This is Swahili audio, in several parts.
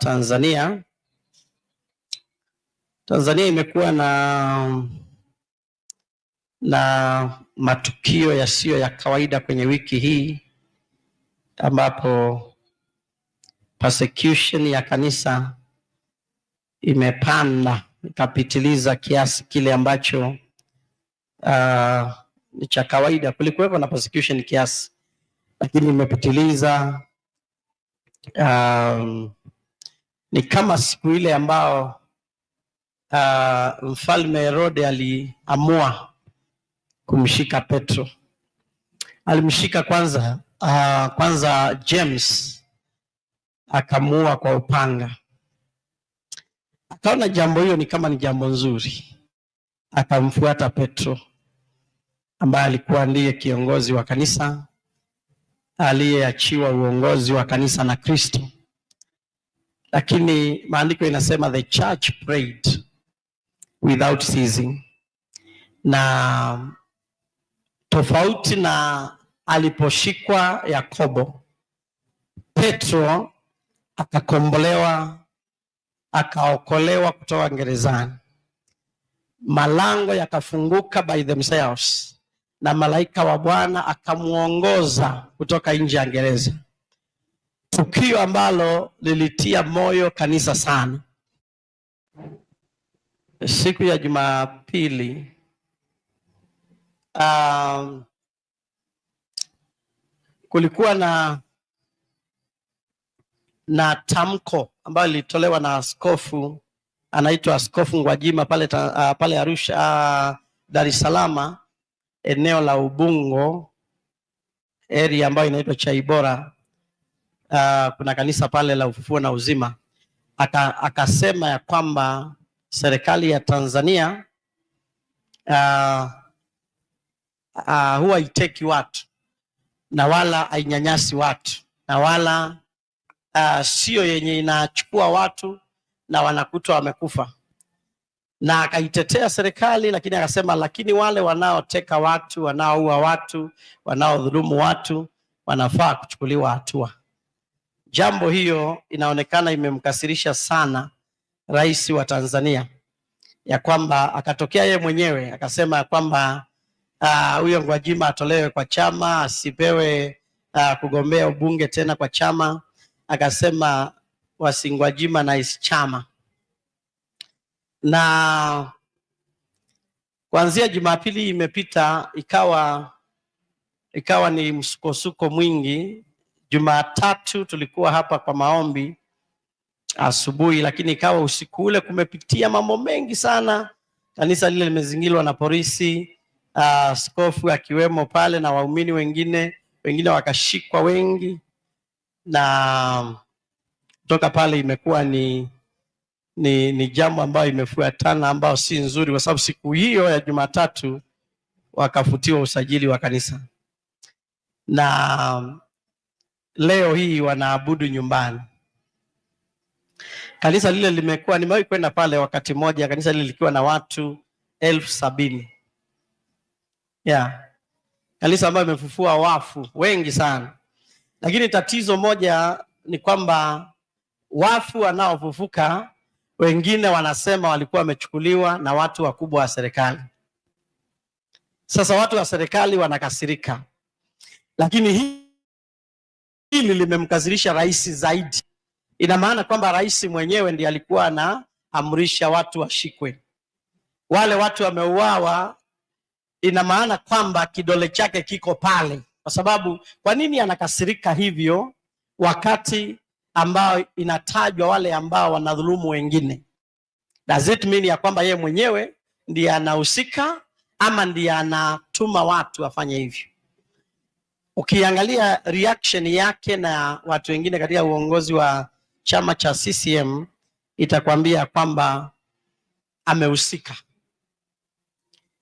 Tanzania Tanzania imekuwa na na matukio yasiyo ya kawaida kwenye wiki hii, ambapo persecution ya kanisa imepanda ikapitiliza kiasi kile ambacho uh, ni cha kawaida. kulikuweko na persecution kiasi, lakini imepitiliza um, ni kama siku ile ambao uh, mfalme Herode aliamua kumshika Petro. Alimshika kwanza uh, kwanza James akamuua kwa upanga. Akaona jambo hiyo ni kama ni jambo nzuri, akamfuata Petro ambaye alikuwa ndiye kiongozi wa kanisa aliyeachiwa uongozi wa kanisa na Kristo lakini maandiko inasema the church prayed without ceasing, na tofauti na aliposhikwa Yakobo, Petro akakombolewa akaokolewa kutoka gerezani, malango yakafunguka by themselves, na malaika wa Bwana akamwongoza kutoka nje ya gereza tukio ambalo lilitia moyo kanisa sana. Siku ya Jumapili um, kulikuwa na na tamko ambayo lilitolewa na askofu anaitwa Askofu Ngwajima pale, uh, pale Arusha uh, Dar es Salaam eneo la Ubungo area ambayo inaitwa Chaibora uh, kuna kanisa pale la ufufuo na uzima aka, akasema ya kwamba serikali ya Tanzania uh, uh, huwa iteki watu na wala hainyanyasi watu na wala uh, sio yenye inachukua watu na wanakutwa wamekufa na akaitetea serikali, lakini akasema, lakini wale wanaoteka watu, wanaoua watu, wanaodhulumu watu wanafaa kuchukuliwa hatua. Jambo hiyo inaonekana imemkasirisha sana rais wa Tanzania, ya kwamba akatokea yeye mwenyewe akasema ya kwamba ah, huyo uh, Gwajima atolewe kwa chama asipewe uh, kugombea ubunge tena kwa chama. Akasema wasingwajima na isi chama na kuanzia Jumapili imepita ikawa ikawa ni msukosuko mwingi Jumatatu tulikuwa hapa kwa maombi asubuhi, lakini ikawa usiku ule kumepitia mambo mengi sana. Kanisa lile limezingirwa na polisi, ah, askofu uh, akiwemo pale na waumini wengine, wengine wakashikwa wengi, na kutoka pale imekuwa ni ni, ni jambo ambayo imefuatana ambayo si nzuri, kwa sababu siku hiyo ya Jumatatu wakafutiwa usajili wa kanisa na leo hii wanaabudu nyumbani. Kanisa lile limekuwa, nimewahi kwenda pale wakati mmoja, kanisa lile likiwa na watu elfu sabini yeah. Kanisa ambayo imefufua wafu wengi sana, lakini tatizo moja ni kwamba wafu wanaofufuka wengine wanasema walikuwa wamechukuliwa na watu wakubwa wa serikali. Sasa watu wa serikali wanakasirika, lakini hii Hili limemkasirisha rais zaidi. Ina maana kwamba rais mwenyewe ndiye alikuwa anaamrisha watu washikwe, wale watu wameuawa. Ina maana kwamba kidole chake kiko pale, kwa sababu kwa nini anakasirika hivyo wakati ambao inatajwa wale ambao wanadhulumu wengine? Does it mean ya kwamba yeye mwenyewe ndiye anahusika ama ndiye anatuma watu afanye hivyo? ukiangalia reaction yake na watu wengine katika uongozi wa chama cha CCM itakwambia kwamba amehusika,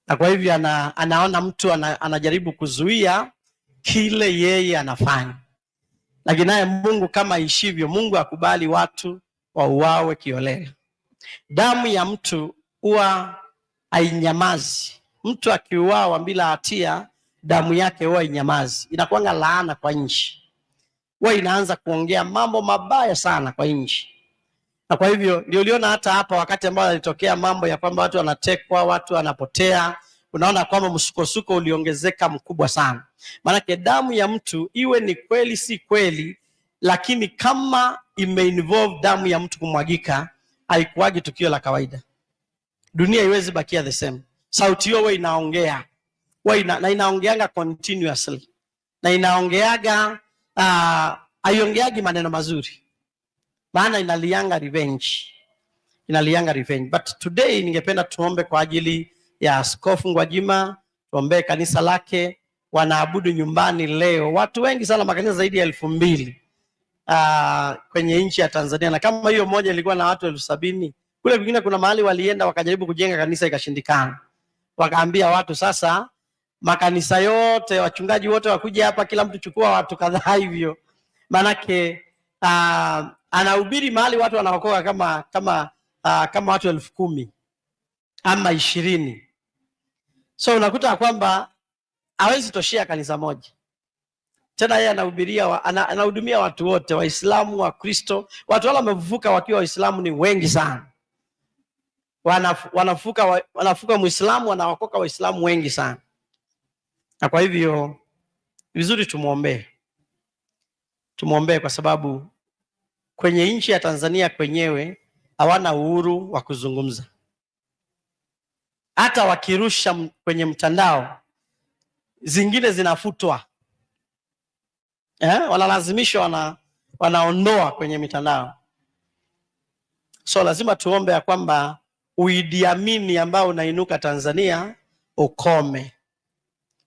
na kwa hivyo ana, anaona mtu ana, anajaribu kuzuia kile yeye anafanya, lakini naye Mungu kama ishivyo, Mungu akubali watu wauawe kiolela. Damu ya mtu huwa hainyamazi. Mtu akiuawa bila hatia damu yake huwa inyamazi, inakuanga laana kwa nchi, huwa inaanza kuongea mambo mabaya sana kwa nchi. Na kwa hivyo ndio uliona hata hapa wakati ambao alitokea mambo ya kwamba watu wanatekwa, watu wanapotea, unaona kwamba msukosuko uliongezeka mkubwa sana, maanake damu ya mtu iwe ni kweli si kweli, lakini kama imeinvolve damu ya mtu kumwagika, haikuwagi tukio la kawaida. Dunia iwezi bakia the same, sauti hiyo inaongea ina, na inaongeaga continuously na inaongeaga uh, ah, aiongeagi maneno mazuri, maana inalianga revenge, inalianga revenge. But today ningependa tuombe kwa ajili ya Askofu Ngwajima tuombee kanisa lake. Wanaabudu nyumbani leo watu wengi sana, makanisa zaidi ya elfu mbili uh, kwenye nchi ya Tanzania, na kama hiyo moja ilikuwa na watu elfu sabini kule kwingine kuna mahali walienda wakajaribu kujenga kanisa ikashindikana, wakaambia watu sasa makanisa yote, wachungaji wote wakuja hapa, kila mtu chukua watu kadhaa hivyo, maanake uh, ah, anahubiri mahali watu wanaokoka kama kama uh, kama watu elfu kumi ama ishirini. So unakuta kwamba hawezi toshea kanisa moja tena yeye anahubiria anahudumia watu wote, Waislamu, Wakristo. Watu wale wamevuka wakiwa Waislamu ni wengi sana, wanafuka wanafuka Muislamu, wanaokoka Waislamu wengi sana. Na kwa hivyo vizuri, tumwombee, tumwombee kwa sababu kwenye nchi ya Tanzania kwenyewe hawana uhuru wa kuzungumza. Hata wakirusha kwenye mtandao, zingine zinafutwa eh, wanalazimishwa wana, wanaondoa kwenye mitandao. So lazima tuombe ya kwamba uidiamini ambao unainuka Tanzania ukome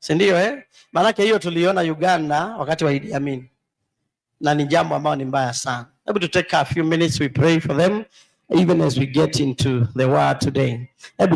si ndio eh? Maanake hiyo tuliona Uganda wakati wa Idi Amin, na ni jambo ambalo ni mbaya sana. Hebu to take a few minutes we pray for them even as we get into the word today. Hebu